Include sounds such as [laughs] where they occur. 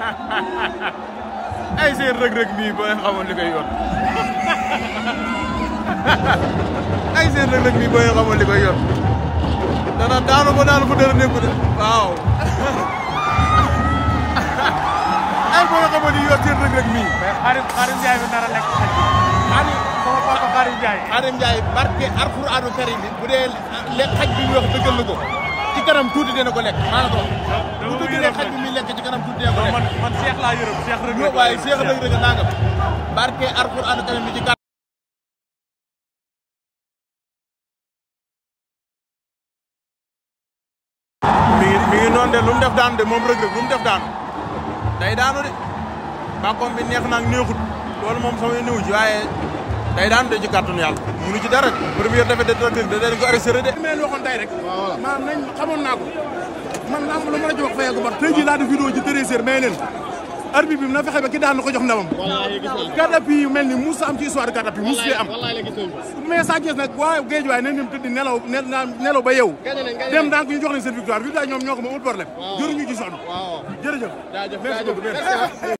[laughs] ay seen rëg-rëg mii boo leen xamoon [laughs] ay seen rëg-rëg mii boo leen xamoon dana daanu ba daanu fu dara nekku de waaw [laughs] ay boo leen xamoon li yor seen rëg-rëg mii xarim xarim Njaay bi dara lekk xaj xarim sama papa xarim Njaay xarim Njaay barke alquranu karim bi bu dee lekk xaj bi ñu wax dëggal ko ci kanam tuuti dina ko lekk maa la ko bu tuuti dee xaj bi muy lekk man de lu mu def daanu de moom rëg-rëg lu def daanu day daanu de bàkkoom bi neex naag neexut loolu moom samay néew ji waaye day daanu de ci kàttanu yàlla munu ci dara première defet de rëg-rëg da dañ de mais waxoon tey rek maanaam nañ xamoon naa ko man lamb ma la ci wax fayeeku ba tey jii laa def vidéo ci treize heures may leen arbitre bi na fexe ki daan na ko jox ndamam katapi yu mel ni musa am ci histoire katapi musu fee am mais Sa Thiès nag waa géej waay nañ dem tëddi nelaw nelaw ba yow dem daan ko ñu jox leen seen victoire victoire ñoom ñoo ko moom amul problème jëruñu ci sonn jërëjëf merci beaucoup [laughs]